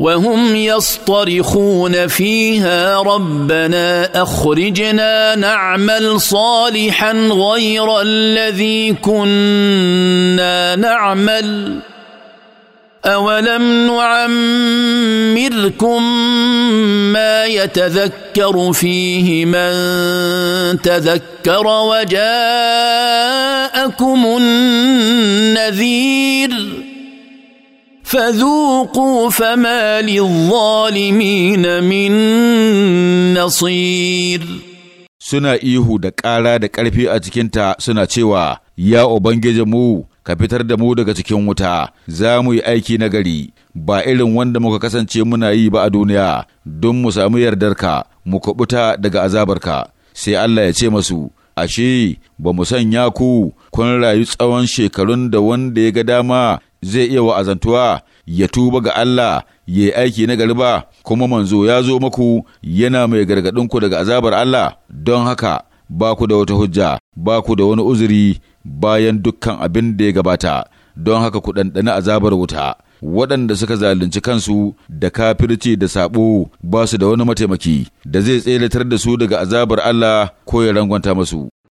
وهم يصطرخون فيها ربنا اخرجنا نعمل صالحا غير الذي كنا نعمل اولم نعمركم ما يتذكر فيه من تذكر وجاءكم النذير فذوقوا فما للظالمين من نصير suna ihu da ƙara da ƙarfi a cikinta suna cewa ya mu ka fitar da mu daga cikin wuta za mu yi aiki na gari? ba irin wanda muka kasance muna yi ba a duniya don mu samu yardarka mu kubuta daga azabarka sai Allah ya ce masu ashe ba mu sanya ku kun rayu tsawon shekarun da wanda ya ga dama zai iya wa'azantuwa ya tuba ga Allah ya yi aiki na garba kuma manzo ya zo maku yana mai gargaɗinku daga azabar Allah don haka ba ku da wata hujja ba ku da wani uzuri bayan dukkan abin da ya gabata don haka ku ɗanɗana azabar wuta waɗanda suka zalunci kansu da kafirci da saɓo ba su da wani mataimaki da zai tseratar da su daga azabar Allah ko ya rangwanta masu.